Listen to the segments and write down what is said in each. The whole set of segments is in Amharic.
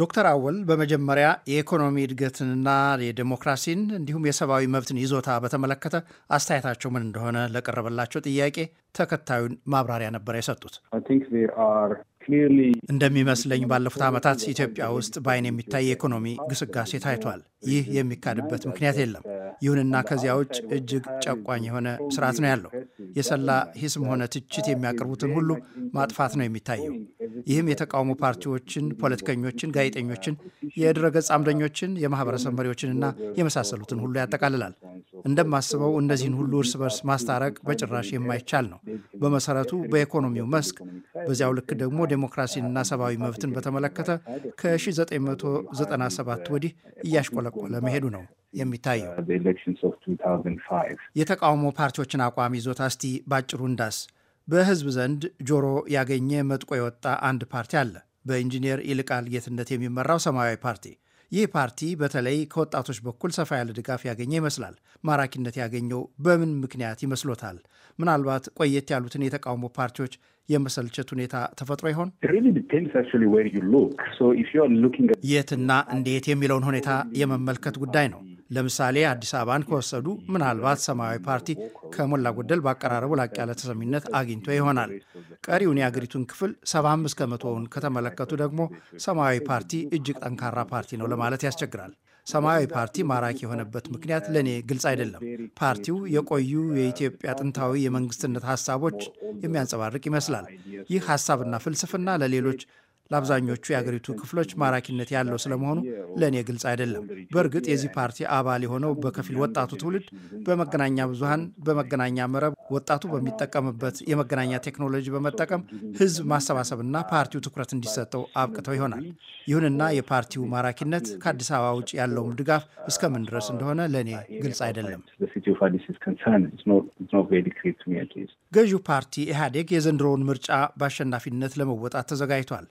ዶክተር አወል በመጀመሪያ የኢኮኖሚ እድገትንና የዴሞክራሲን እንዲሁም የሰብአዊ መብትን ይዞታ በተመለከተ አስተያየታቸው ምን እንደሆነ ለቀረበላቸው ጥያቄ ተከታዩን ማብራሪያ ነበር የሰጡት። እንደሚመስለኝ ባለፉት ዓመታት ኢትዮጵያ ውስጥ በአይን የሚታይ የኢኮኖሚ ግስጋሴ ታይቷል። ይህ የሚካድበት ምክንያት የለም። ይሁንና ከዚያ ውጭ እጅግ ጨቋኝ የሆነ ስርዓት ነው ያለው። የሰላ ሂስም ሆነ ትችት የሚያቀርቡትን ሁሉ ማጥፋት ነው የሚታየው። ይህም የተቃውሞ ፓርቲዎችን፣ ፖለቲከኞችን፣ ጋዜጠኞችን፣ የድረገጽ አምደኞችን፣ የማህበረሰብ መሪዎችንና የመሳሰሉትን ሁሉ ያጠቃልላል። እንደማስበው እነዚህን ሁሉ እርስ በርስ ማስታረቅ በጭራሽ የማይቻል ነው። በመሰረቱ በኢኮኖሚው መስክ በዚያው ልክ ደግሞ ዴሞክራሲንና ሰብአዊ መብትን በተመለከተ ከ1997 ወዲህ እያሽቆለቆለ መሄዱ ነው የሚታየው። የተቃውሞ ፓርቲዎችን አቋም ይዞታ እስቲ ባጭሩ እንዳስ በህዝብ ዘንድ ጆሮ ያገኘ መጥቆ የወጣ አንድ ፓርቲ አለ። በኢንጂነር ይልቃል ጌትነት የሚመራው ሰማያዊ ፓርቲ። ይህ ፓርቲ በተለይ ከወጣቶች በኩል ሰፋ ያለ ድጋፍ ያገኘ ይመስላል። ማራኪነት ያገኘው በምን ምክንያት ይመስሎታል? ምናልባት ቆየት ያሉትን የተቃውሞ ፓርቲዎች የመሰልቸት ሁኔታ ተፈጥሮ ይሆን? የትና እንዴት የሚለውን ሁኔታ የመመልከት ጉዳይ ነው። ለምሳሌ አዲስ አበባን ከወሰዱ ምናልባት ሰማያዊ ፓርቲ ከሞላ ጎደል በአቀራረቡ ላቅ ያለ ተሰሚነት አግኝቶ ይሆናል። ቀሪውን የአገሪቱን ክፍል 75 ከመቶውን ከተመለከቱ ደግሞ ሰማያዊ ፓርቲ እጅግ ጠንካራ ፓርቲ ነው ለማለት ያስቸግራል። ሰማያዊ ፓርቲ ማራኪ የሆነበት ምክንያት ለእኔ ግልጽ አይደለም። ፓርቲው የቆዩ የኢትዮጵያ ጥንታዊ የመንግስትነት ሀሳቦች የሚያንጸባርቅ ይመስላል። ይህ ሀሳብና ፍልስፍና ለሌሎች ለአብዛኞቹ የአገሪቱ ክፍሎች ማራኪነት ያለው ስለመሆኑ ለእኔ ግልጽ አይደለም። በእርግጥ የዚህ ፓርቲ አባል የሆነው በከፊል ወጣቱ ትውልድ በመገናኛ ብዙሃን፣ በመገናኛ መረብ ወጣቱ በሚጠቀምበት የመገናኛ ቴክኖሎጂ በመጠቀም ህዝብ ማሰባሰብና ፓርቲው ትኩረት እንዲሰጠው አብቅተው ይሆናል። ይሁንና የፓርቲው ማራኪነት ከአዲስ አበባ ውጭ ያለውም ድጋፍ እስከምን ድረስ እንደሆነ ለእኔ ግልጽ አይደለም። ገዢው ፓርቲ ኢህአዴግ የዘንድሮውን ምርጫ በአሸናፊነት ለመወጣት ተዘጋጅቷል።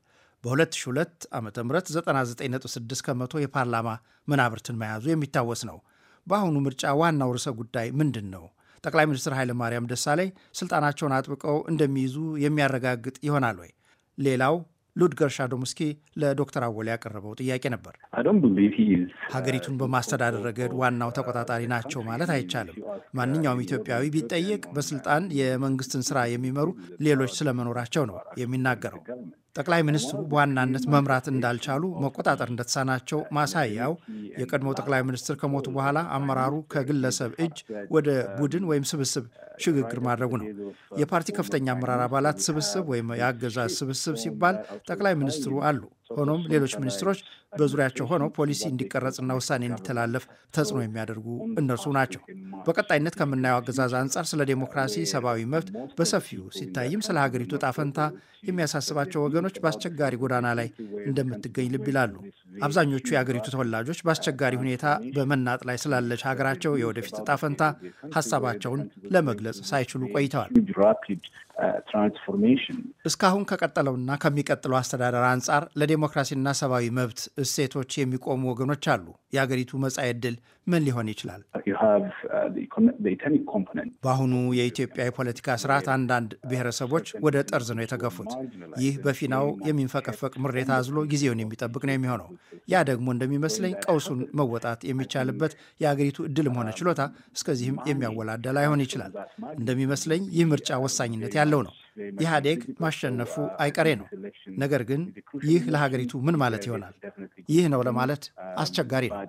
በ2002 ዓ ም 99.6 ከመቶ የፓርላማ መናብርትን መያዙ የሚታወስ ነው። በአሁኑ ምርጫ ዋናው ርዕሰ ጉዳይ ምንድን ነው? ጠቅላይ ሚኒስትር ኃይለማርያም ደሳለኝ ስልጣናቸውን አጥብቀው እንደሚይዙ የሚያረጋግጥ ይሆናል ወይ? ሌላው ሉድገር ሻዶምስኪ ለዶክተር አወል ያቀረበው ጥያቄ ነበር። uh, ሀገሪቱን በማስተዳደር ረገድ ዋናው ተቆጣጣሪ ናቸው ማለት አይቻልም። ማንኛውም ኢትዮጵያዊ ቢጠየቅ በስልጣን የመንግስትን ስራ የሚመሩ ሌሎች ስለመኖራቸው ነው የሚናገረው። ጠቅላይ ሚኒስትሩ በዋናነት መምራት እንዳልቻሉ መቆጣጠር እንደተሳናቸው ማሳያው የቀድሞ ጠቅላይ ሚኒስትር ከሞቱ በኋላ አመራሩ ከግለሰብ እጅ ወደ ቡድን ወይም ስብስብ ሽግግር ማድረጉ ነው። የፓርቲ ከፍተኛ አመራር አባላት ስብስብ ወይም የአገዛዝ ስብስብ ሲባል ጠቅላይ ሚኒስትሩ አሉ። ሆኖም ሌሎች ሚኒስትሮች በዙሪያቸው ሆነው ፖሊሲ እንዲቀረጽና ውሳኔ እንዲተላለፍ ተጽዕኖ የሚያደርጉ እነርሱ ናቸው። በቀጣይነት ከምናየው አገዛዝ አንጻር ስለ ዴሞክራሲ፣ ሰብአዊ መብት በሰፊው ሲታይም ስለ ሀገሪቱ ዕጣ ፈንታ የሚያሳስባቸው ወገኖች በአስቸጋሪ ጎዳና ላይ እንደምትገኝ ልብ ይላሉ። አብዛኞቹ የአገሪቱ ተወላጆች በአስቸጋሪ ሁኔታ በመናጥ ላይ ስላለች ሀገራቸው የወደፊት እጣ ፈንታ ሀሳባቸውን ለመግለጽ ሳይችሉ ቆይተዋል። እስካሁን ከቀጠለውና ከሚቀጥለው አስተዳደር አንጻር ለዴሞክራሲና ሰብአዊ መብት እሴቶች የሚቆሙ ወገኖች አሉ። የአገሪቱ መጻኤ ዕድል ምን ሊሆን ይችላል? በአሁኑ የኢትዮጵያ የፖለቲካ ስርዓት አንዳንድ ብሔረሰቦች ወደ ጠርዝ ነው የተገፉት። ይህ በፊናው የሚንፈቀፈቅ ምሬት አዝሎ ጊዜውን የሚጠብቅ ነው የሚሆነው። ያ ደግሞ እንደሚመስለኝ ቀውሱን መወጣት የሚቻልበት የአገሪቱ እድልም ሆነ ችሎታ እስከዚህም የሚያወላደል አይሆን ይችላል። እንደሚመስለኝ ይህ ምርጫ ወሳኝነት ያለው ነው። ኢህአዴግ ማሸነፉ አይቀሬ ነው። ነገር ግን ይህ ለሀገሪቱ ምን ማለት ይሆናል? ይህ ነው ለማለት አስቸጋሪ ነው።